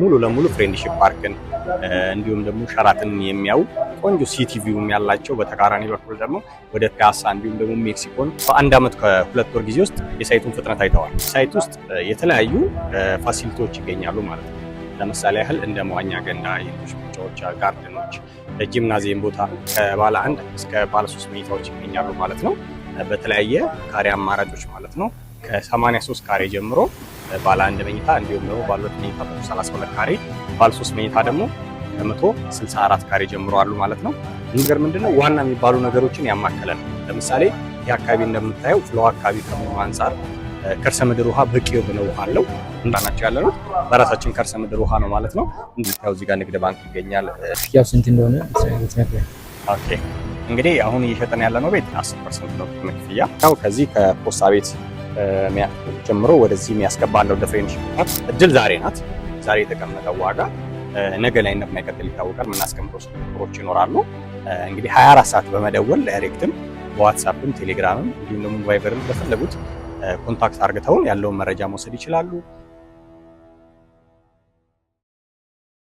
ሙሉ ለሙሉ ፍሬንድሺፕ ፓርክን እንዲሁም ደግሞ ሸራትን የሚያዩ ቆንጆ ሲቲ ቪውም ያላቸው በተቃራኒ በኩል ደግሞ ወደ ፒያሳ እንዲሁም ደግሞ ሜክሲኮን በአንድ ዓመት ከሁለት ወር ጊዜ ውስጥ የሳይቱን ፍጥነት አይተዋል። ሳይት ውስጥ የተለያዩ ፋሲሊቲዎች ይገኛሉ ማለት ነው። ለምሳሌ ያህል እንደ መዋኛ ገንዳ፣ የልጆች መጫወቻ፣ ጋርደኖች፣ ጂምናዚየም ቦታ ከባለ አንድ እስከ ባለ ሶስት መኝታዎች ይገኛሉ ማለት ነው። በተለያየ ካሬ አማራጮች ማለት ነው ከ83 ካሬ ጀምሮ ባለ አንድ መኝታ እንዲሁም ደግሞ ባለ ሁለት መኝታ 32 ካሬ፣ ባለ ሶስት መኝታ ደግሞ 164 64 ካሬ ጀምሮ አሉ ማለት ነው። ነገር ምንድነው ዋና የሚባሉ ነገሮችን ያማከለ ነው። ለምሳሌ ይህ አካባቢ እንደምታየው ፍለው አካባቢ ከመሆኑ አንጻር ከርሰ ምድር ውሃ በቂ የሆነ ውሃ አለው። እንዳናቸው ያለ በራሳችን ከርሰ ምድር ውሃ ነው ማለት ነው። እንደምታየው እዚህ ጋር ንግድ ባንክ ይገኛል። ያው ስንት እንደሆነ ኦኬ እንግዲህ አሁን እየሸጠን ያለነው ቤት 10 ፐርሰንት ነው ቅድመ ክፍያ። ያው ከዚህ ከፖስታ ቤት ጀምሮ ወደዚህ የሚያስገባ ነው። ለፍሬንድሺፕ እድል ዛሬ ናት። ዛሬ የተቀመጠው ዋጋ ነገ ላይ እንደማይቀጥል ይታወቃል። የምናስቀምጠው ስሮች ይኖራሉ። እንግዲህ 24 ሰዓት በመደወል ዳይሬክትም፣ በዋትሳፕም፣ ቴሌግራምም እንዲሁም ደግሞ ቫይበርም በፈለጉት ኮንታክት አርግተውን ያለውን መረጃ መውሰድ ይችላሉ።